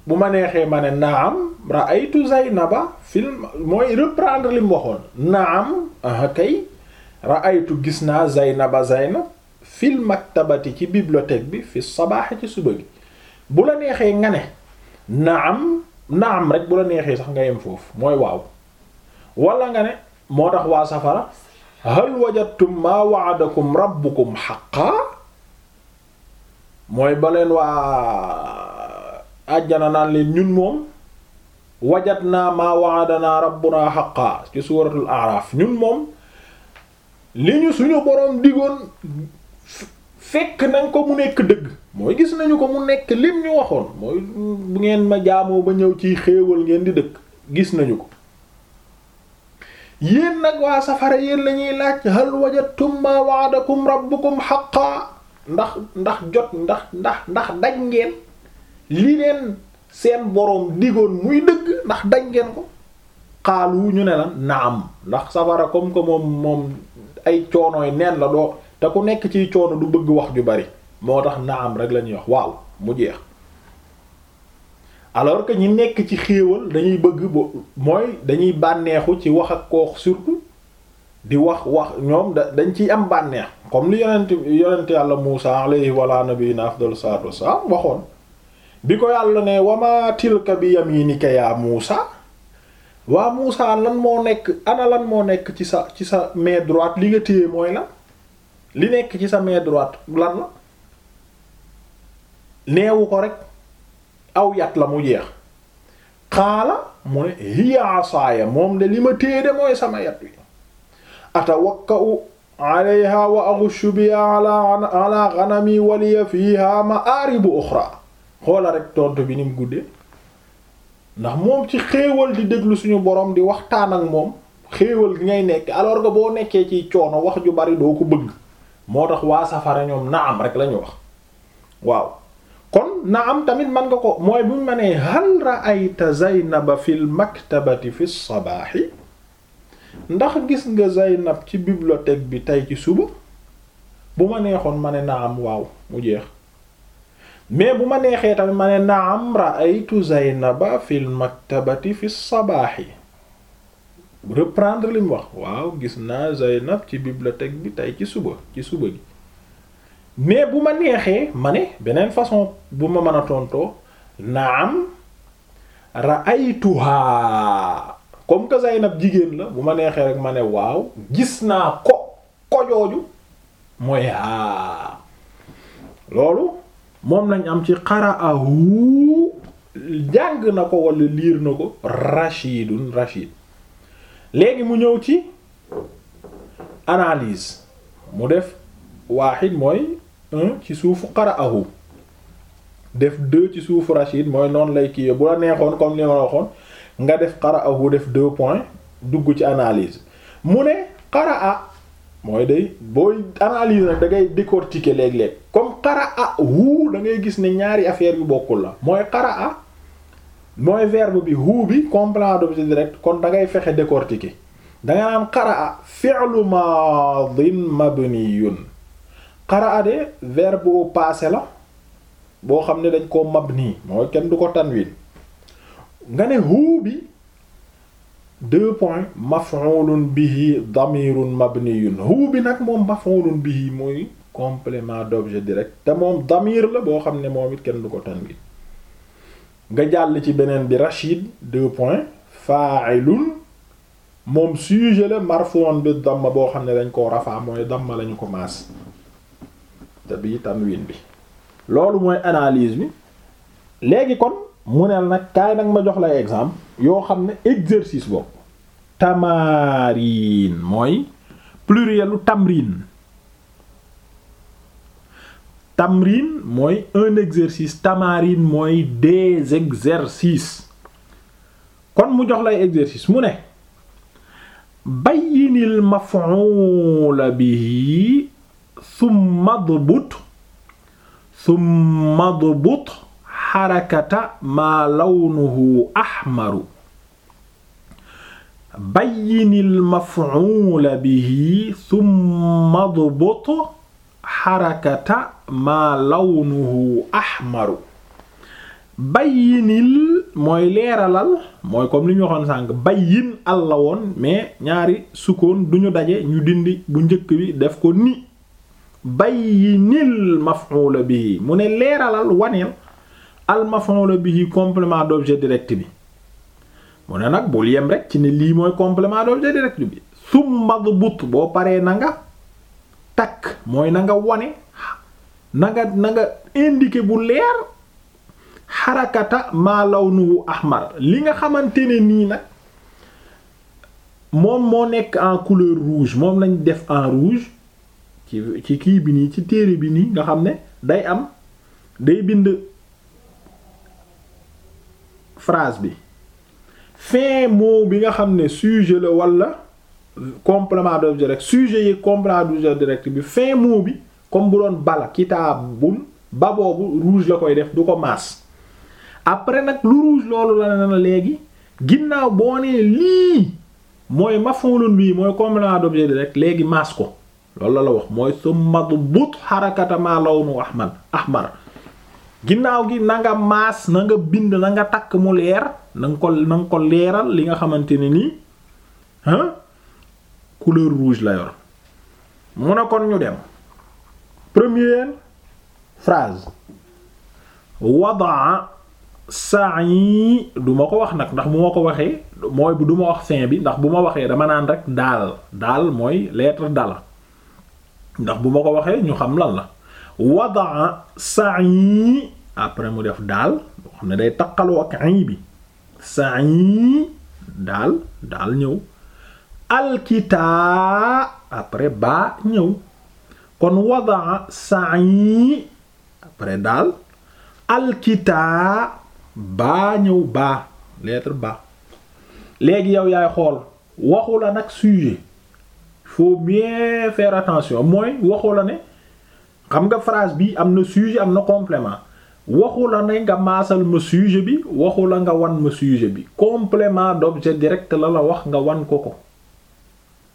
bu ma neexee ma ne naam ra'aytu Zaynaba fil mooy reprendre li mu waxoon naam ah kay ra'aytu gis naa Zaynaba Zaynab fil maktabati ci bibliothèque bi fi sabaax ci suba gi bu la neexee nga ne naam naam rek bu la neexee sax nga yem foofu mooy waaw wala nga ne moo tax waa safara hal wajadtum ma wa'adakum rabbukum haqqan mooy ba waa àjjana naan leen ñun moom wajat naa maa wa'adana rabbuna haqqan ci suuratul a'raaf ñun moom li ñu suñu boroom digoon fekk nañ ko mu nekk dëgg mooy gis nañu ko mu nekk lim ñu waxoon mooy bu ngeen ma jaamoo ba ñëw ci xéewal ngeen di dëkk gis nañu ko yéen nag waa safara yéen lañuy laaj hal wajadtum maa wa'adakum rabbukum ndax ndax jot ndax ndax ndax daj ngeen li leen seen boroom digoon muy dëgg ndax daj ngeen ko xaalu ñu ne la am ndax safara comme que moom moom ay coonooy neen la doo te ku nekk ciy coono du bëgg wax ju bari moo tax am rek lañuy wax waaw mu jeex alors que ñi nekk ci xéewal dañuy bëgg mooy dañuy bànneexu ci wax kook koox surtout di wax wax ñoom da dañ ciy am bànneex comme li yonent yàlla Muusaa alayhi wala nabiyina afdalu salaatu wassalaam waxoon bi ko yàlla ne wama tilka bi yaminika yaa Muusaa waa Muusaa lan moo nekk ana lan moo nekk ci sa ci sa main droite li nga téye mooy la li nekk ci sa main droite lan la neewu ko rek aw yat la mu jeex xaala mu ne hiya asaaya moom de li ma téye de mooy sama yat wi atawakka'u alayha wa a biha ala ala ghanami wa liya fiha ma'aribu ukhra xoola rek tontu bi ni mu guddee ndax moom ci xéewal di déglu suñu boroom di waxtaan ak moom xéewal gi ngay nekk alors que boo nekkee ci coono wax ju bari doo ko bëgg moo tax waa safara ñoom naam rek lañu wax waaw kon naam tamit man nga ko mooy bu ma nee hal ra'ayta zaynaba fil maktabati fi sabaahi ndax gis nga Zaynab ci bibliothèque bi tey ci suba bu ma neexoon ma ne naam waaw mu jeex mais bu ma neexee tamit ma ne naam ra'aytu Zaynaba fil maktabati fi sabaahi reprendre li wax waaw gis naa Zaynab ci bibliothèque bi tey ci suba ci suba gi mais bu ma neexee ma ne beneen façon bu ma mën a tontoo naam ra'aytuha comme que nag jigéen la bu ma neexee rek ma ne waaw gis naa ko ko jooju mooy aa loolu moom lañ am ci qara'ahu jàng na ko wala liir na ko Rashidun Rashid léegi mu ñëw ci analyse mu def waaxid mooy ci suufu qara'ahu def deux ci suufu Rashid mooy noonu lay kii bu la neexoon comme li nga def qara'ahu def deux points dugg ci analyse mu ne qara'a mooy day booy analyse nag da ngay décortiquer léeg-léeg comme qara'a hu da ngay gis ne ñaari affaire yu bokkul la mooy qara'a mooy verbe bi hu bi complément d'objet direct kon da ngay fexe décortiquer da nga naan qara'a fi'lu madin mabniyun qara'a de verbe au passé la boo xam ne dañ koo nii mooy kenn du ko tanwin nga ne huu bi deux points bi bihi damirun mabniyun huu bi nag moom maf'ulun bihi mooy complément d'objet direct te moom damir la boo xam ne moom it kenn du ko bi nga jàll ci beneen bi Rachid deux points fa'ilun moom sujet la marfu'un bi damma boo xam ne dañ ko rafaa mooy damma lañu ko maas te bii tanwin bi loolu mooy analyse bi léegi kon mu neel nag kaay nag ma jox lay exemple yoo xam ne exercice boobu tamarin mooy plurielu tamrin tamrin mooy un exercice tamarin mooy des exercices kon mu jox lay exercice mu ne bayyinil maf'ul bihi thumma dbut xarakata maa lawnuhu axmaru bayyinil maf'uula bihi thumma xarakata maa lawnuhu axmaru mooy leeralal mooy comme li ñu waxoon sànq bayyin al la woon mais ñaari sukkoon duñu daje ñu dindi bu njëkk bi def ko ni bayyinil maf'uula bihi mu ne leeralal waneel al maf'ul bihi complément d'objet direct bi mu ne nag bul yem rek ci ne lii mooy complément d'objet direct bi summa but boo paree na nga takk mooy na nga wone na nga na bu leer xarakata maa lawnuhu ahmar li nga xamante ne nii nag moom moo nekk en couleur rouge moom lañ def en rouge ci ci kii bi nii ci téere bi nii nga xam ne day am day bind phrase bi fin mot bi nga xam ne sujet la walla complément d'objet direct sujet yi complément d'objet direct bi fin mot bi comme bu doon bala kitaabun ba boobu rouge la koy def du ko maas après nag lu rouge loolu la na léegi ginnaaw boo nee lii mooy mafulun wii mooy complément d'objet direct léegi maas ko loolu la la wax mooy su madu but xarakatamaa law nu ahmar ahmar ginnaaw gi na maas nanga bind na nga takk mu leer na ko na ko leeral li nga xamante ni nii hein couleur rouge la yor mu kon ñu dem première phrase wadaa sa'i duma ko wax nag ndax mu ma ko waxee mooy bu du wax fin bi ndax bu ma waxee dama naan rek daal daal mooy lettre dala ndax bu ma ko waxee ñu xam lan la wadaa sa'i après mu def daal boo xam ne day taqaloo ak ayi bi sa'i daal daal ñëw alkitaa après baa ñëw kon wadaa sa'i après daal alkitaa baa ñëw baa lettre baa léegi yow yaay xool waxu la nag sujet faut bien faire attention mooy waxu la ne xam nga phrase bi am na sujet am na complément waxu la ne nga maasal ma sujet bi waxu la nga wan ma sujet bi complément d'objet direct la la wax nga wan ko ko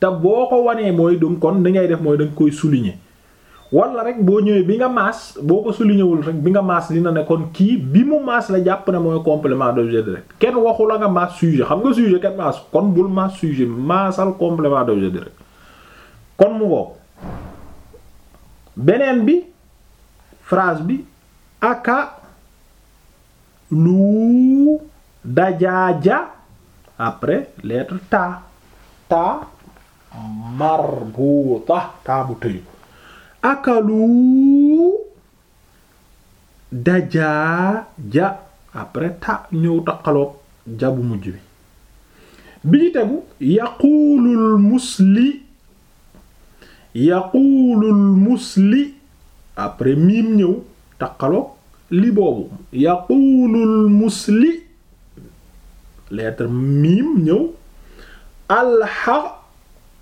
te boo ko wanee mooy dum kon dangay def mooy danga koy souligner wala rek boo ñëwee bi nga maas boo ko souligner wul rek bi nga maas dina ne kon kii bi mu maas la jàpp ne mooy complément d'objet direct kenn waxu la nga maas sujet xam nga sujet kenn maas kon bul maas sujet maasal complément d'objet direct kon mu beneen bi phrase bi aka lu dajaaja après lettre ta ta marbuta ta bu tëyu akalu dajaaja après ta ñëw taqaloog jabu mujj bi bi ñu tegu yaqulul musli yaquulul musli après miim ñëw taqaloog li boobu yaquulul musli lettre miim ñëw alxa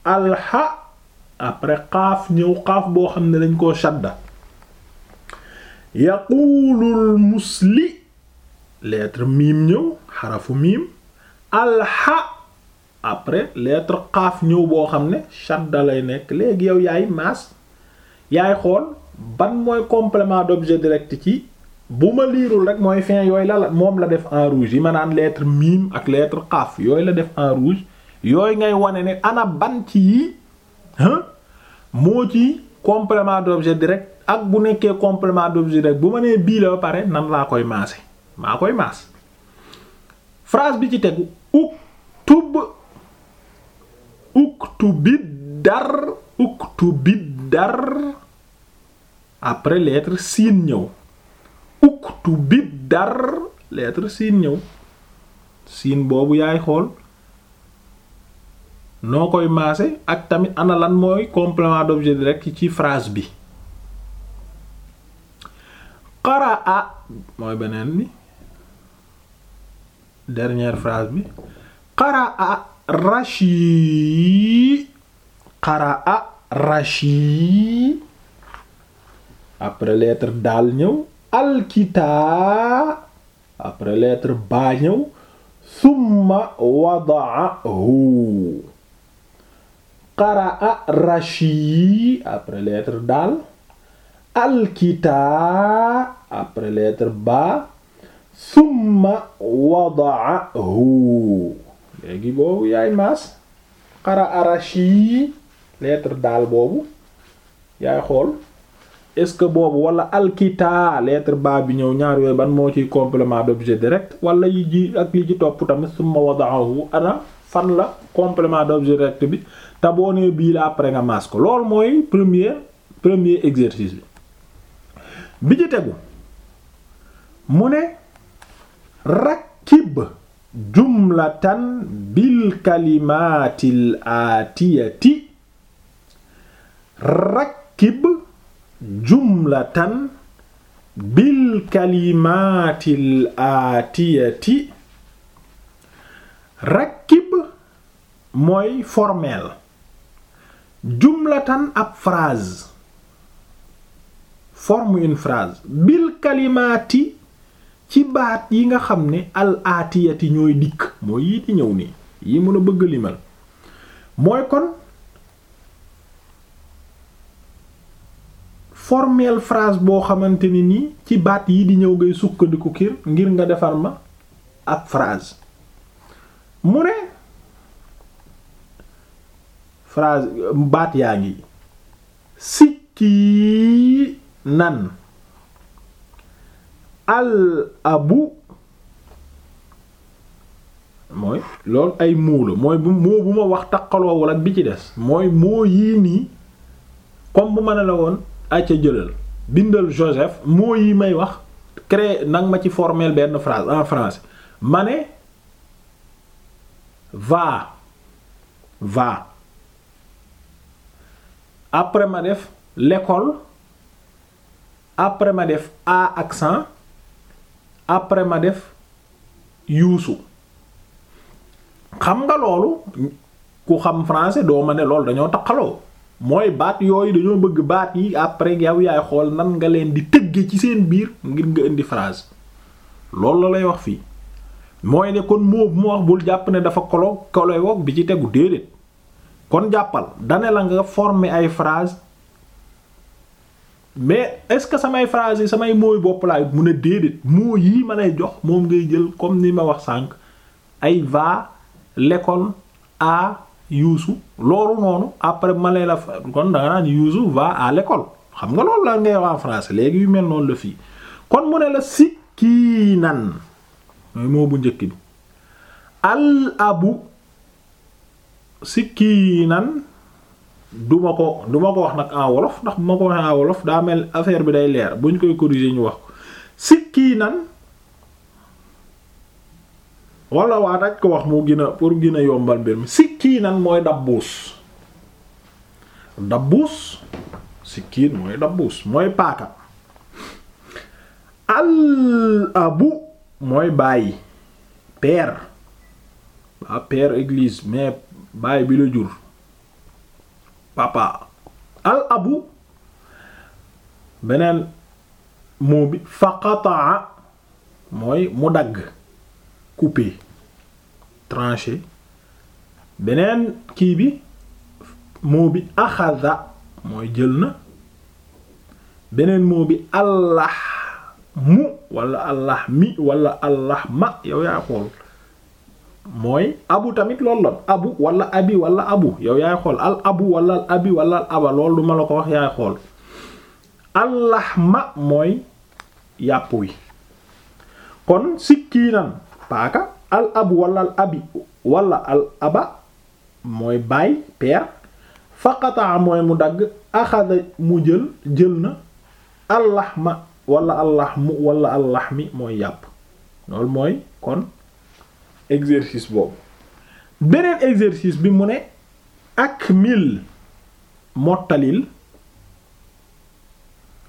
alxa après xaaf ñëw xaaf boo xam ne dañ koo shadda yaquulul li lettre miim ñëw xarafu miim alxa après lettre xaaf ñëw boo xam ne shadda lay nekk léegi yow yaay maas yaay xool ban mooy complément d'objet direct ci bu ma liirul rek mooy fin yooyu la la moom la def en rouge yi ma naan lettre mim ak lettre xaaf yooyu la def en rouge yooyu ngay wane ne ana ban ci yi moo ci complement d'objet direct ak bu nekkee complément d'objet direct bu ma nee bii la ba pare nan laa koy maase maa koy maas phrase bi ci tegu uk tub uktubi dar uktubi dar après lettre siin ñëw uktubi dar lettre siin ñëw siin boobu yaay xool noo koy maase ak tamit ana lan mooy complément d'objet direct ci phrase bi qaraa mooy beneen bi dernière phrase bi qaraa rashi qaraa après lettre daal ñëw alkitaa après lettre baa ñëw summa wadaahu qaraa rashi après lettre daal alkitaa après lettre baa summa wadaahu léegi boobu yaay maas xara arashi lettre daal boobu yaay xool est-ce que boobu wala alkitaa lettre ba bi ñëw ñaar yooyu ban moo ciy complément d'objet direct wala yi ji ak li ci topp tamit summa wadaahu ana fan la complement d'objet direct bi te boo nee bii la après nga maas ko loolu mooy premier premier exercice bi bi ci mu ne rakib jumlatan bil kalimaatil aatiyati rakkib jumlatan bil kalimaatil aatiyati rakkib mooy formel jumlatan ab phrase forme une phrase ci baat yi nga xam ni al aatiyati ñooy dikk mooy yii di ñëw nii yi mën a bëgg limal mooy kon formel phrase boo xamante ni nii ci baat yi di ñëw ngay sukkandiku kir ngir nga defar ma ak phrase mu ne phrase baat yaa ngi sikki nan al abu mooy loolu ay moo mooy bu ma wax taqaloowul ak bi ci des mooy moo yii nii comme bu ma ne la woon acca jëlal bindal Joseph moo yi may wax créé nag ma ci formel benn phrase en français ma ne va va après ma def l'école après ma def a accent après ma def yuusu xam nga loolu ku xam français doo ma ne loolu dañoo taqaloo mooy baat yooyu dañoo bëgg baat yi après yow yaay xool nan nga leen di tëgge ci seen biir ngir nga indi phrase loolu la lay wax fii mooy ne kon moo mu wax bul jàpp ne dafa kolo kolo woog bi ci tegu déedéet kon jàppal dane la nga former ay phrase mais est-ce que samay phrase yi samay mooy bopp laay mu a déedéet moo yii ma lay jox moom ngay jël comme ni ma wax sànq ay va lekkool a yuusu loolu noonu après ma lay la kon da nga naan yuusu va à lekkool xam nga loolu laa ngay wax en français léegi yu mel noonu la fii kon mu ne la sikkiinan mooy moo bu njëkk bi al abu sikkiinan duma ko duma ko wax nag en wolof ndax bu ma ko waxee en wolof daa mel affaire bi day leer bu ñu koy corriger ñu wax ko sikki nan wala waa daj ko wax mu gina a pour gën a yombal mbir mi sikki nan mooy dabbuus dabbuus sikkiin mooy dabbuus mooy paaka al abu mooy bàyyi père waa père église mais bàyyi bi la jur papa al abu beneen moo bi faqataa mooy mu dagg coupé tranché beneen kii bi moo bi axada mooy jël na beneen moo bi allah mu wala allah mi wala allah ma yow yaa xool mooy abu tamit loolu la abu wala abi wala abu yow yaay xool al abu wala al abi walla al aba ma la ko wax yaay xool allaxma mooy yàpp wi kon sikkiinan paaka al abu wala mooy baay père faqataa mooy mu dagg axada mu jël jël na allaxma wala allaxmu wala allaxmi mooy yàpp loolu mooy kon exercice boobu beneen exercice bi mu ne ak mil mottalil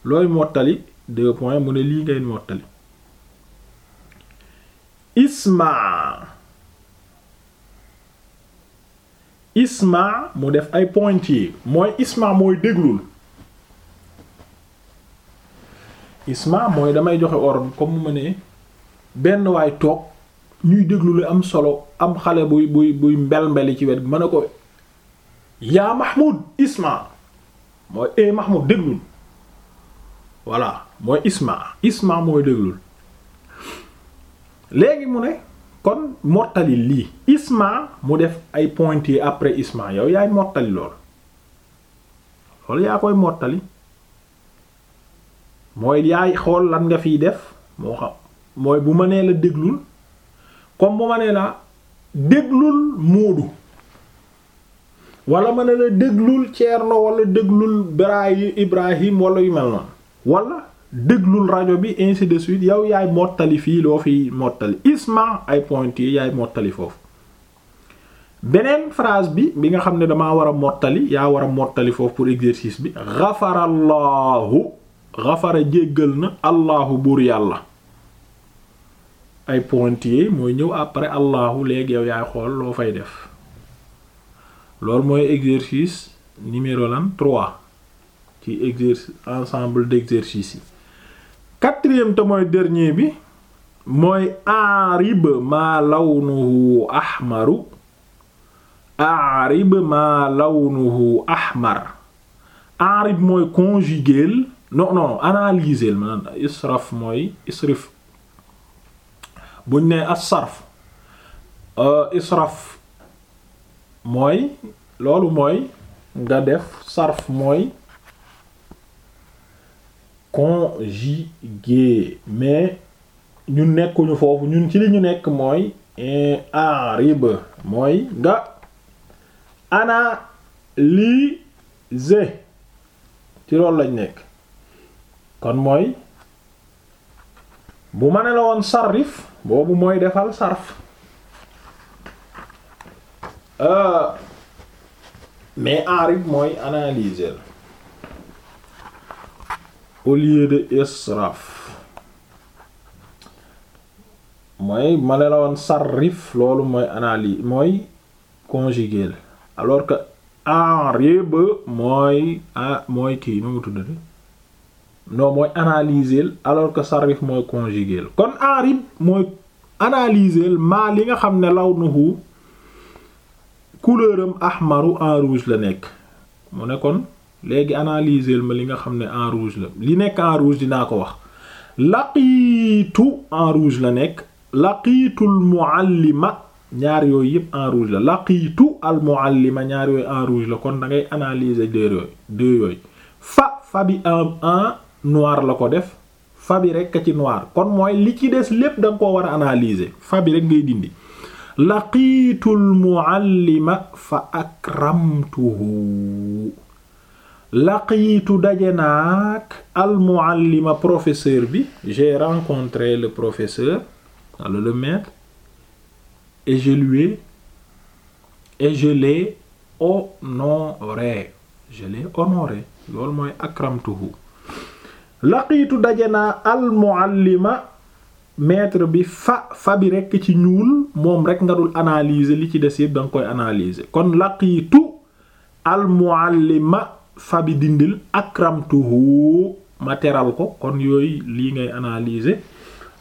looy mottali deux mu ne lii ngay mottali isma mu def ay pointiers mooy isma mooy déglul isma mooy damay joxe ordre comme mu ma ne benn waay toog ñuy déglu lu am solo am xale buy buy buy mbel mbeli ci wet mën a ko yaa Mahmoud isma mooy e Mahmoud déglul voilà mooy isma isma mooy déglul léegi mu ne kon mottali lii isma mu def ay pointé après isma yow yaay mottali lool loolu yaa koy mottali mooy yaay xool lan nga fiy def moo xam mooy bu ma nee la déglul comme bu ma nee naa déglul Moodu wala ma ne la déglul Ceerno wala déglul Biraay Ibrahim wala yu mel na wala déglul rajo bi ainsi de suite yow yaay mottali fii loo fi mottali isma ay point yi yaay mottali foofu beneen phrase bi bi nga xam ne damaa war a mottali yaa war a mottali foofu pour exercice bi xafarallaahu xafara jéggal na allaahu buur yàlla ay pointillés mooy ñëw après allahu léegi yow yaay xool loo fay def loolu mooy exercice numéro lan 3 ci exercice ensemble d'exercices yi quatrième te mooy dernier bi mooy aarib maa lawnuhu ahmaru aarib mooy conjuguer non non analyser maanaam israf mooy isrif buñ ne as-sarf euh, israf mooy loolu mooy nga def sarf mooy conjugué mais ñu nekkuñu foofu ñun ci li ñu nekk mooy i'rab mooy nga analyser ci loolu lañ nekk kon mooy bu ma ne la woon sarrif boobu mooy defal sarf euh, mais arib mooy analyser olie de israf mooy ma ne la woon sarrif loolu mooy analyse mooy conjuguer alors que arib mooy ah mooy kii nu mu tuddati non mooy analyser alors que sarif mooy conjuguer kon aarib mooy analyser maa li nga xam ne lawnuhu couleur am ahmaru en rouge la nekk mu ne kon léegi analyser ma li nga xam ne en rouge la li nekk en rouge dinaa ko wax laqiitu en rouge la nekk laqiitul muallima ñaar yooyu yëpp en rouge la laqiitu al muallima ñaar yooyu en rouge la kon da ngay analyser deux yooyu deux yooyu fa fa bi am en noir la ko def fa bi rek ka ci noir kon mooy li ci des lépp da nga koo war a analyser fa bi rek ngay dindi laqiitul muallima fa akramtuhu laqiitu daje naag al professeur bi j'ai rencontré le professeur walla le maître et je lui et je l'ai honoré je l'ai honoré loolu mooy akramtuhu laqiitu daje naa almuallima maître bi fa fa rekk ci ñuul moom rek nga dul analyser li ci des yëpp da nga koy analyser kon laqiitu almuallima fa bi dindil akramtuhu ma teral ko kon yooyu lii ngay analyser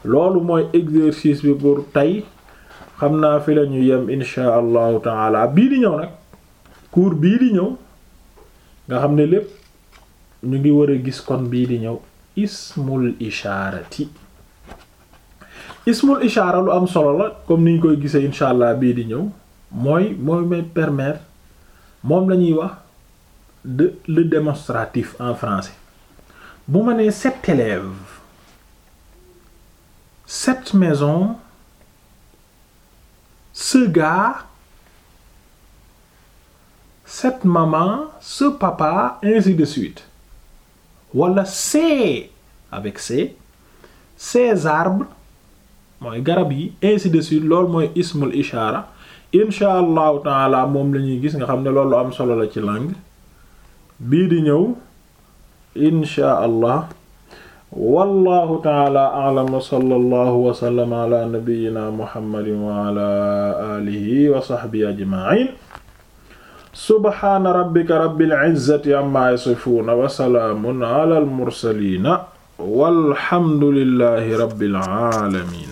loolu mooy exercice bi pour tey xam naa fi la ñu yem insha allahu taala bii di ñëw nag cours bii di ñëw nga xam ne lépp ñu ngi war a gis kon bii di ñëw ismul ishaarati ismul ishaara lu am solo la comme niñ koy gisee incha allah bii di ñëw mooy mooy may permettre moom la ñuy wax de le démonstratif en français bu ma nee sept élèves cette maison ce gars cette maman ce papa ainsi de suite wala C avec C ces arbres mooy garab yi ainsi de suite loolu mooy ismul ishaara incha allahu taala moom la ñuy gis nga xam ne loolu am solo la ci langue bii di ñëw incha allah wallahu taala a'lam wa sallallahu wa sallama ala nabiyyina muhammadin wa alihi wa sahbihi ajma'in subhaana rabbika rabbil izzati amma yasifuuna wa salaamun alal mursaliina walhamdulillahi rabbil aalamiin